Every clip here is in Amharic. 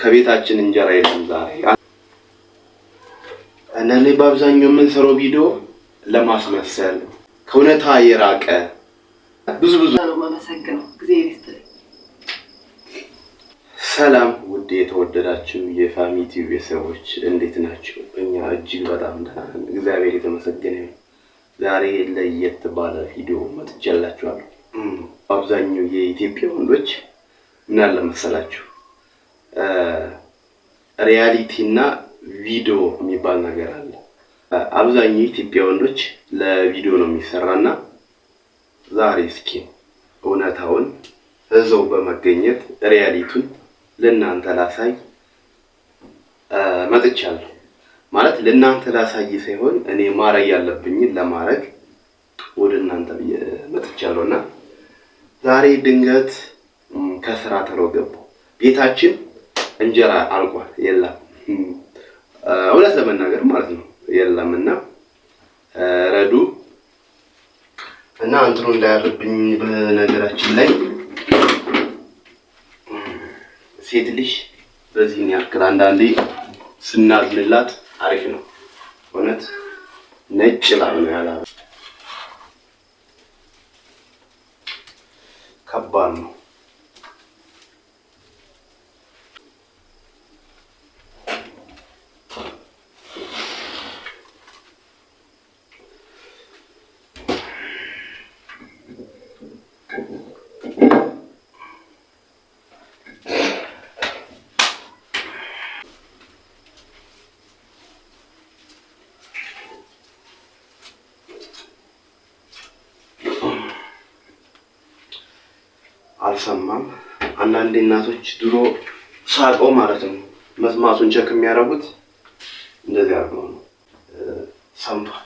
ከቤታችን እንጀራ የለም ዛሬ። እነኔ በአብዛኛው የምንሰራው ቪዲዮ ለማስመሰል ከእውነታ የራቀ ብዙ ብዙ ሰላም ውድ የተወደዳችሁ የፋሚቲ ቤተሰቦች እንዴት ናቸው? እኛ እጅግ በጣም ደህና ነን፣ እግዚአብሔር የተመሰገነ ዛሬ ለየት ባለ ቪዲዮ መጥቼላችኋለሁ። አብዛኛው የኢትዮጵያ ወንዶች ምን አለ መሰላችሁ ሪያሊቲ እና ቪዲዮ የሚባል ነገር አለ። አብዛኛው ኢትዮጵያ ወንዶች ለቪዲዮ ነው የሚሰራና ዛሬ እስኪ እውነታውን እዘው በመገኘት ሪያሊቱን ለእናንተ ላሳይ መጥቻለሁ። ማለት ለእናንተ ላሳይ ሳይሆን እኔ ማድረግ ያለብኝን ለማድረግ ወደ እናንተ መጥቻለሁ እና ዛሬ ድንገት ከስራ ተለው ገባሁ ቤታችን እንጀራ አልቋል የለም፣ እውነት ለመናገር ማለት ነው የለም። እና ረዱ እና እንትኑ እንዳያርብኝ በነገራችን ላይ ሴት ልጅ በዚህን ያክል አንዳንዴ ስናዝንላት አሪፍ ነው እውነት ነጭ ላብ ነው ያላ አልሰማም። አንዳንድ እናቶች ድሮ ሳቆ ማለት ነው መስማቱን ቸክ የሚያደርጉት እንደዚህ አድርገው ነው ሰምቷል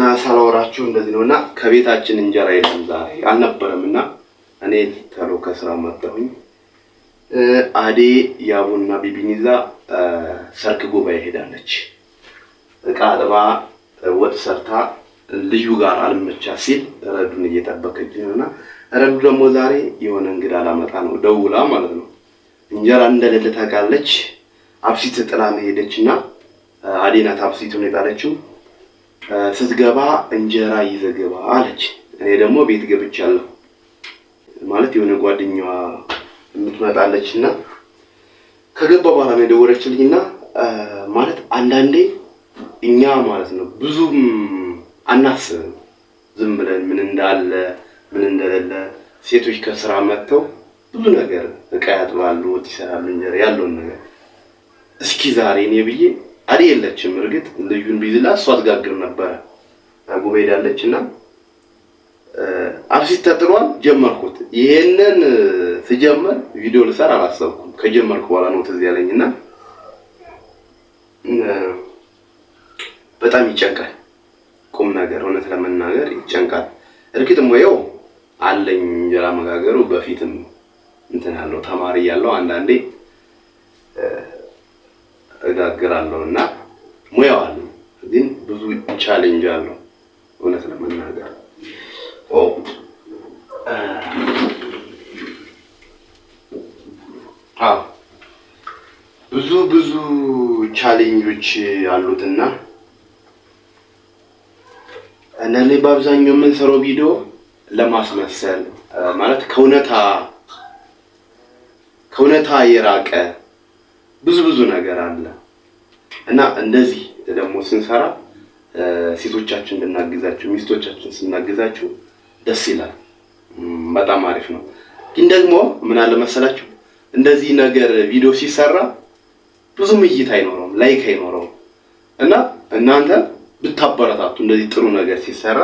እና ሳላወራችሁ እንደዚህ ነው እና ከቤታችን እንጀራ የለም ዛሬ አልነበረም እና እኔ ተሎ ከስራ መጣሁኝ። አዴ ያቡና ቢቢን ይዛ ሰርክ ጉባኤ ሄዳለች። እቃ አጥባ ወጥ ሰርታ ልዩ ጋር አልመቻ ሲል ረዱን እየጠበቀች ነው እና ረዱ ደግሞ ዛሬ የሆነ እንግዳ ላመጣ ነው ደውላ ማለት ነው። እንጀራ እንደሌለ ታውቃለች። አብሲት ጥላ ነው ሄደች እና አዴናት አብሲቱን ስትገባ እንጀራ ይዘህ ግባ አለች። እኔ ደግሞ ቤት ገብቻለሁ ማለት የሆነ ጓደኛዋ የምትመጣለች እና ከገባ በኋላ ነው የደወለችልኝ እና ማለት አንዳንዴ እኛ ማለት ነው ብዙም አናስብም ዝም ብለን ምን እንዳለ ምን እንደሌለ ሴቶች ከስራ መጥተው ብዙ ነገር እቃ ያጥባሉ፣ ወጥ ይሰራሉ፣ እንጀራ ያለውን ነገር እስኪ ዛሬ እኔ ብዬ አሊ የለችም። እርግጥ ልዩን ቢዝላ እሷ አትጋግር ነበረ ጉበሄዳለች እና አብሲት ተጥሏል። ጀመርኩት። ይሄንን ስጀምር ቪዲዮ ልሰራ አላሰብኩም። ከጀመርኩ በኋላ ነው ትዝ ያለኝ እና በጣም ይጨንቃል። ቁም ነገር እውነት ለመናገር ይጨንቃል። እርግጥ ሙያው አለኝ እንጀራ መጋገሩ በፊትም እንትን ያለው ተማሪ ያለው አንዳንዴ እጋግራለሁ እና ሙያው አለ፣ ግን ብዙ ቻሌንጅ አለው እውነት ለመናገር ብዙ ብዙ ቻሌንጆች አሉትና እና እኔ በአብዛኛው የምንሰራው ቪዲዮ ለማስመሰል ማለት ከእውነታ ከእውነታ የራቀ ብዙ ብዙ ነገር አለ እና እንደዚህ ደግሞ ስንሰራ ሴቶቻችን ብናግዛችሁ፣ ሚስቶቻችን ስናግዛችሁ ደስ ይላል። በጣም አሪፍ ነው። ግን ደግሞ ምን አለ መሰላችሁ እንደዚህ ነገር ቪዲዮ ሲሰራ ብዙም እይታ አይኖረውም፣ ላይክ አይኖረውም እና እናንተ ብታበረታቱ እንደዚህ ጥሩ ነገር ሲሰራ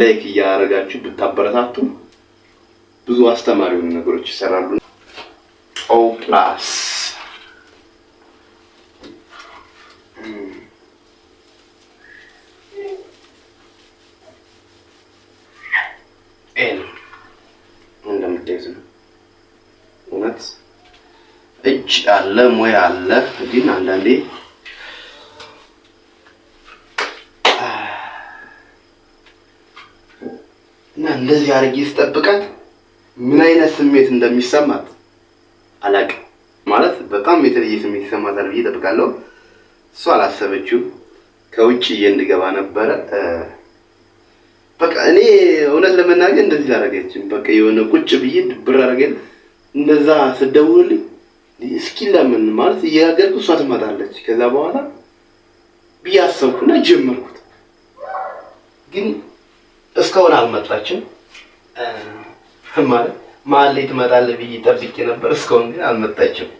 ላይክ እያደረጋችሁ ብታበረታቱ ብዙ አስተማሪ ነገሮች ይሰራሉ። ኦ ፕላስ አለ፣ ሞያ አለ። ግን አንዳንዴ እና እንደዚህ አድርጌ ስጠብቃት ምን አይነት ስሜት እንደሚሰማት አላውቅም። ማለት በጣም የተለየ ስሜት ይሰማታል ብዬ እጠብቃለሁ። እሱ አላሰበችው ከውጭ እንድገባ ነበረ። በቃ እኔ እውነት ለመናገር እንደዚህ አደረገችኝ። በቃ የሆነ ቁጭ ብዬ ድብር አደረገኝ። እንደዛ ስደውልልኝ እስኪለምን ማለት እየጋገርኩ እሷ ትመጣለች። ከዛ በኋላ ብያሰብኩና ጀመርኩት፣ ግን እስካሁን አልመጣችም። ማለት መሀል ላይ ትመጣለህ ብዬ ጠብቄ ነበር። እስካሁን ግን አልመጣችም።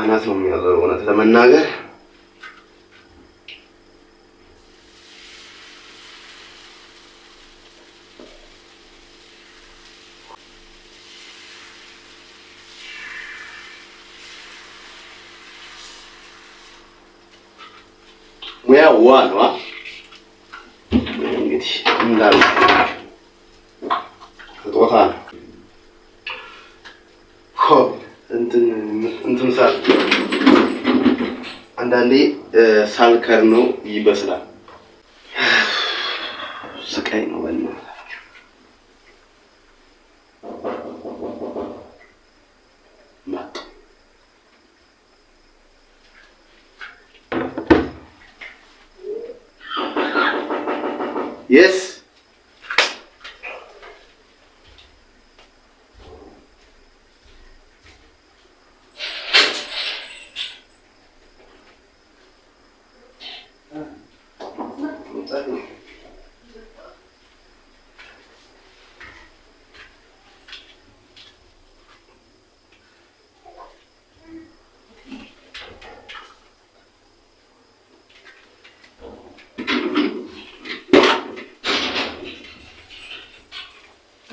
አናት ነው የሚያዘው እውነት ለመናገር ሙያዋ ነዋ። እንግዲህ እንዳሉ ስጦታ እንትን ሳል አንዳንዴ ሳልከር ነው ይበስላል። ስቃይ ነው። Yes.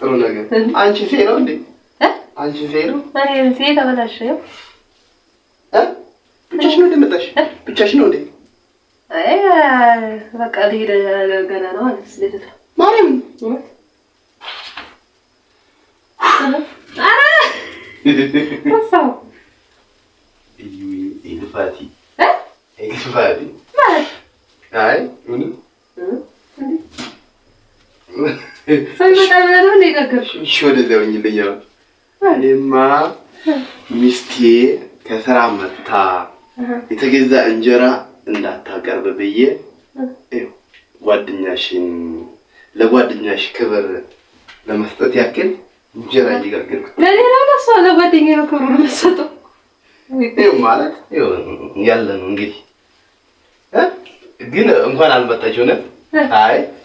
ጥሩ ነገር አንቺ ፌ ነው እንዴ? አንቺ ፌ ነው ፌ ተበላሽ። ብቻሽ ነው እንደመጣሽ? ብቻሽ ነው እንዴ? በቃ ልሄድ ገና ነው ማለት ማርያም አይ እኔማ ሚስቴ ከስራ መታ የተገዛ እንጀራ እንዳታቀርብ ብዬ ጓደኛሽን ለጓደኛሽ ክብር ለመስጠት ያክል እንጀራ እየጋገርኩ ለሌላ ለጓደኛ ነው ክብሩ መሰጠው ማለት ያለ ነው። እንግዲህ ግን እንኳን አልመጣች ሆነ አይ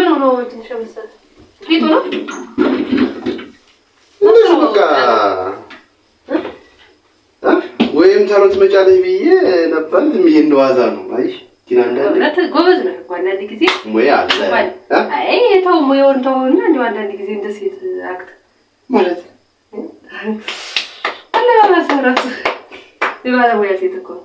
ምን ሆኖ ትንሽ መሰለህ ጌጡ ነው ወይም ታሮት መጫለኝ ብዬ ነበር። ዝም እንደዋዛ ነው። አይ ቲና እንዳለ ጎበዝ ነው። አንዳንድ ጊዜ ሙያ አለ። አይ ተው ሙያውን ተውና፣ እንደው አንዳንድ ጊዜ እንደ ሴት አክት ማለት አለ። ባለሙያ ሴት እኮ ነው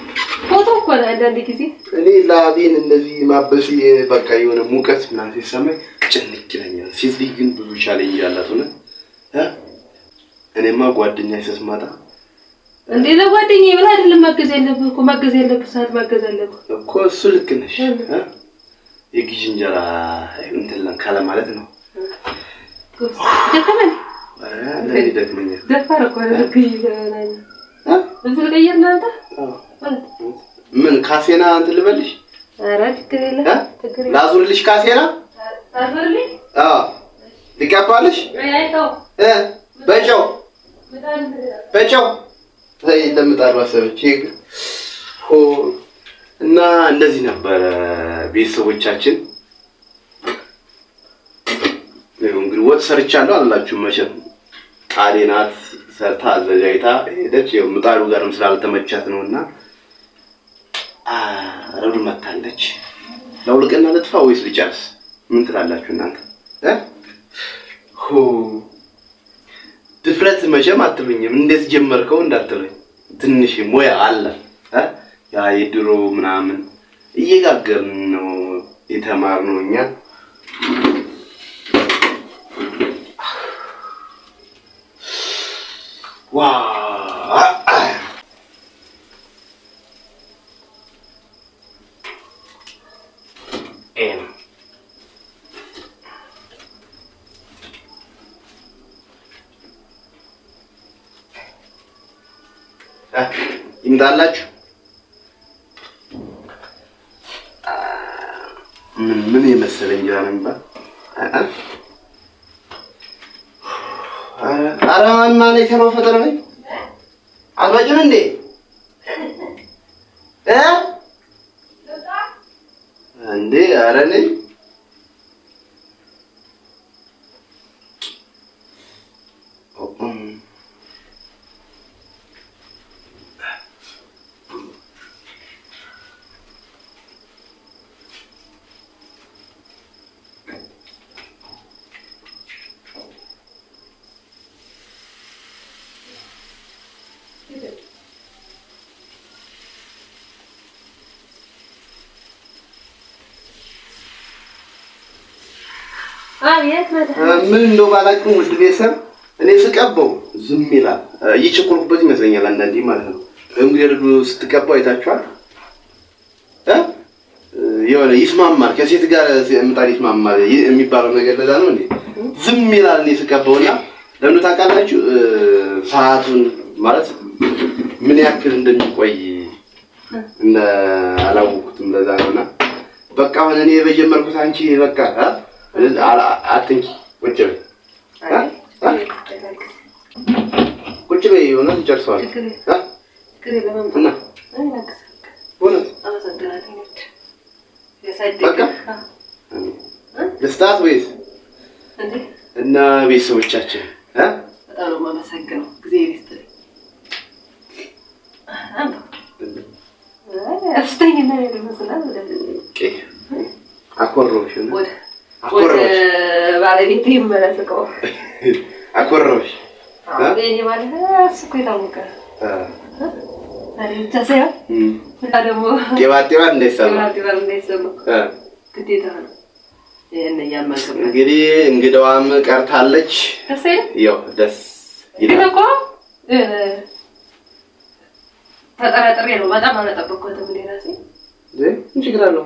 ፎቶ እኮ አንዳንድ ጊዜ እኔ ላቤን እንደዚህ ማበሴ በቃ የሆነ ሙቀት ምናምን ሲሰማኝ ጭንቅ ይለኛል። ሴት ልጅ ግን ብዙ ቻሌንጅ ያላት እውነት። እኔማ ጓደኛ ስትመጣ እንዴ ለጓደኛ ብላ አይደለም መገዝ ያለብህ እኮ መገዝ ያለብህ ሰዓት መገዝ አለብህ እኮ እሱ ልክ ነሽ። የግዥ እንጀራ እንትን ካለ ማለት ነው ደከመኝ። ኧረ ደፋር እኮ ልክ ይዘናል ልብስ ልቀይር ምን ካሴና እንትን ልበልሽ? ኧረ ችግር የለም ላዙርልሽ። ካሴና ልቀባልሽ በጨው በጨው ለምጣሉ አሰበች እና እንደዚህ ነበረ ቤተሰቦቻችን። እንግዲህ ወጥ ሰርቻለሁ አላችሁ መቼም ቃሌ ናት ሰርታ አዘጋጅታ ሄደች። ምጣዱ ጋርም ስላልተመቻት ነው እና ረዱ መታለች። ለውልቅና ልጥፋ ወይስ ልጨርስ? ምን ትላላችሁ እናንተ? ድፍረት መቼም አትሉኝም። እንዴት ጀመርከው እንዳትሉኝ ትንሽ ሙያ አለ። ያ የድሮ ምናምን እየጋገርን ነው የተማርነው እኛ ኤ ይምጣላችሁ። ምን ምን የመሰለ እንጀራ ነው የሚባል። ኧረ ማን ማለት ነው? ፈጠረ ነኝ አትባጭም እንዴ? እንዴ? አረኔ ምን እንደው ባላውቅም ውድ ቤተሰብ እኔ ስቀባው ዝም ይላል። እየቸኮልኩበት ይመስለኛል አንዳንዴ ማለት ነው። እንግዲህ ስትቀባው አይታችኋል። የሆነ ይስማማል፣ ከሴት ጋር ምጣድ ይስማማል የሚባለው ነገር ለዛ ነው እንዴ ዝም ይላል። እኔ ስቀባው እና ለምን ታውቃላችሁ? ሰዓቱን ማለት ምን ያክል እንደሚቆይ አላወኩትም። ለዛ ነውና በቃ አሁን እኔ የበጀመርኩት አንቺ በቃ አትንኪ፣ ቁጭ በይ ቁጭ በይ። የሆነ ጨርሰዋል እና ወይስ እና ቤተሰቦቻችን አኮረሁሽ ባለቤት የመለስቀው አኮረበሽ የታወቀ ብቻ ሳይሆን እና ደግሞ ጤባጤባል እንዳይሰማ ግዴታ ነው። እንግዲህ እንግዳዋም ቀርታለች። ያው ደስ ይላል እኮ ተጠራጥሬ ነው በጣም አልጠበቅኩትም እኔ እራሴ ችግር አለው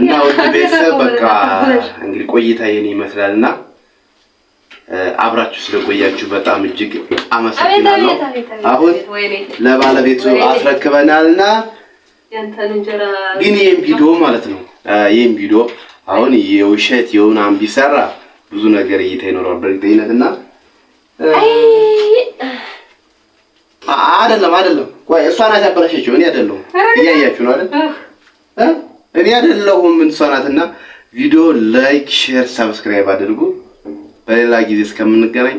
እና ወደ ቤተሰብ በቃ እንግዲህ ቆይታ የኔ ይመስላል እና አብራችሁ ስለቆያችሁ በጣም እጅግ አመሰግናለሁ። አሁን ለባለቤቱ አስረክበናልና ግን ይህም ቪዲዮ ማለት ነው ይህም ቪዲዮ አሁን የውሸት የሆነ ቢሰራ ብዙ ነገር እይታ ይኖረዋል በእርግጠኝነት እና አይደለም አይደለም እሷ ናት ያበላሸችው እኔ አይደለሁም። እያያችሁ ነው አይደል? እኔ አይደለሁም እንሷናትና፣ ቪዲዮ ላይክ፣ ሼር፣ ሰብስክራይብ አድርጉ። በሌላ ጊዜ እስከምንገናኝ